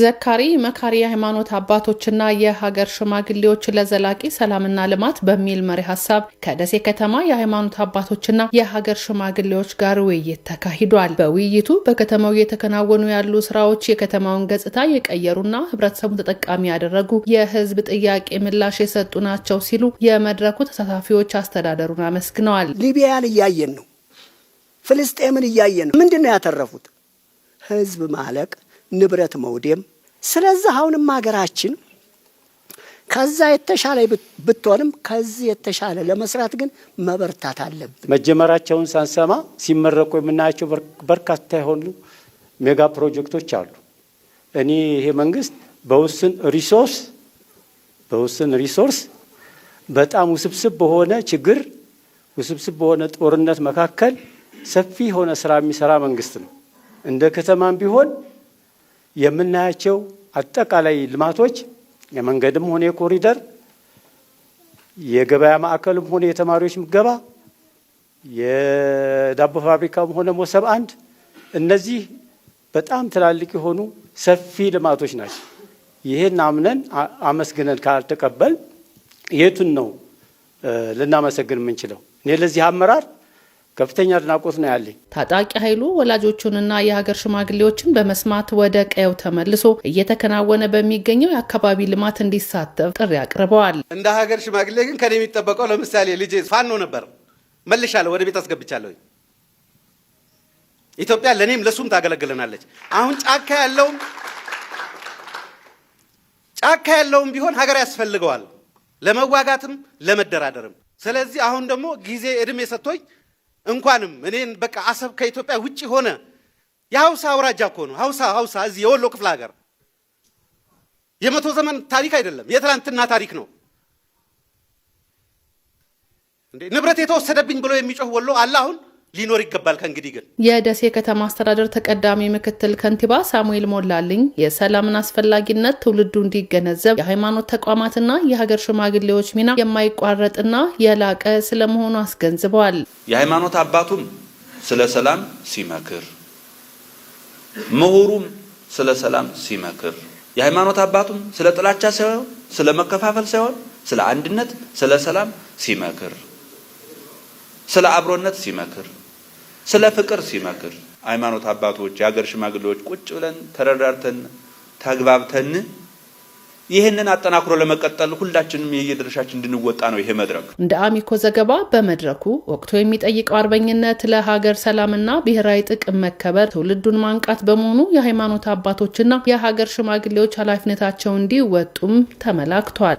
ዘካሪ መካሪ የሃይማኖት አባቶችና የሀገር ሽማግሌዎች ለዘላቂ ሰላምና ልማት በሚል መሪ ሀሳብ ከደሴ ከተማ የሃይማኖት አባቶችና የሀገር ሽማግሌዎች ጋር ውይይት ተካሂዷል። በውይይቱ በከተማው እየተከናወኑ ያሉ ስራዎች የከተማውን ገጽታ የቀየሩና ህብረተሰቡን ተጠቃሚ ያደረጉ የህዝብ ጥያቄ ምላሽ የሰጡ ናቸው ሲሉ የመድረኩ ተሳታፊዎች አስተዳደሩን አመስግነዋል። ሊቢያን እያየን ነው። ፍልስጤምን እያየን ነው። ምንድን ነው ያተረፉት? ህዝብ ማለቅ ንብረት መውደም። ስለዚህ አሁንም ሀገራችን ከዛ የተሻለ ብትሆንም ከዚህ የተሻለ ለመስራት ግን መበርታት አለብን። መጀመራቸውን ሳንሰማ ሲመረቁ የምናያቸው በርካታ የሆኑ ሜጋ ፕሮጀክቶች አሉ። እኔ ይሄ መንግስት በውስን ሪሶርስ በውስን ሪሶርስ በጣም ውስብስብ በሆነ ችግር ውስብስብ በሆነ ጦርነት መካከል ሰፊ የሆነ ስራ የሚሰራ መንግስት ነው እንደ ከተማም ቢሆን የምናያቸው አጠቃላይ ልማቶች የመንገድም ሆነ የኮሪደር የገበያ ማዕከልም ሆነ የተማሪዎች ምገባ የዳቦ ፋብሪካም ሆነ ሞሰብ አንድ እነዚህ በጣም ትላልቅ የሆኑ ሰፊ ልማቶች ናቸው። ይህን አምነን አመስግነን ካልተቀበል የቱን ነው ልናመሰግን የምንችለው? እኔ ለዚህ አመራር ከፍተኛ አድናቆት ነው ያለኝ። ታጣቂ ኃይሉ ወላጆቹንና የሀገር ሽማግሌዎችን በመስማት ወደ ቀየው ተመልሶ እየተከናወነ በሚገኘው የአካባቢ ልማት እንዲሳተፍ ጥሪ አቅርበዋል። እንደ ሀገር ሽማግሌ ግን ከኔ የሚጠበቀው ለምሳሌ ልጄ ፋኖ ነበር፣ መልሻለሁ፣ ወደ ቤት አስገብቻለሁ። ኢትዮጵያ ለእኔም ለሱም ታገለግለናለች። አሁን ጫካ ያለውም ጫካ ያለውም ቢሆን ሀገር ያስፈልገዋል ለመዋጋትም ለመደራደርም። ስለዚህ አሁን ደግሞ ጊዜ እድሜ ሰጥቶኝ እንኳንም እኔን በቃ አሰብ ከኢትዮጵያ ውጭ ሆነ። የሀውሳ አውራጃ እኮ ነው ሀውሳ ሀውሳ እዚህ የወሎ ክፍለ ሀገር የመቶ ዘመን ታሪክ አይደለም፣ የትላንትና ታሪክ ነው። ንብረት የተወሰደብኝ ብሎ የሚጮህ ወሎ አለ አሁን ሊኖር ይገባል። ከእንግዲህ ግን የደሴ ከተማ አስተዳደር ተቀዳሚ ምክትል ከንቲባ ሳሙኤል ሞላልኝ የሰላምን አስፈላጊነት ትውልዱ እንዲገነዘብ የሃይማኖት ተቋማትና የሀገር ሽማግሌዎች ሚና የማይቋረጥና የላቀ ስለመሆኑ አስገንዝበዋል። የሃይማኖት አባቱም ስለ ሰላም ሲመክር፣ ምሁሩም ስለ ሰላም ሲመክር፣ የሃይማኖት አባቱም ስለ ጥላቻ ሳይሆን ስለ መከፋፈል ሳይሆን ስለ አንድነት፣ ስለ ሰላም ሲመክር፣ ስለ አብሮነት ሲመክር ስለ ፍቅር ሲመክር ሃይማኖት አባቶች፣ የሀገር ሽማግሌዎች ቁጭ ብለን ተረዳርተን ተግባብተን ይህንን አጠናክሮ ለመቀጠል ሁላችንም የየድርሻችን እንድንወጣ ነው ይሄ መድረክ። እንደ አሚኮ ዘገባ በመድረኩ ወቅቱ የሚጠይቀው አርበኝነት ለሀገር ሰላምና ብሔራዊ ጥቅም መከበር፣ ትውልዱን ማንቃት በመሆኑ የሃይማኖት አባቶችና የሀገር ሽማግሌዎች ኃላፊነታቸው እንዲወጡም ተመላክቷል።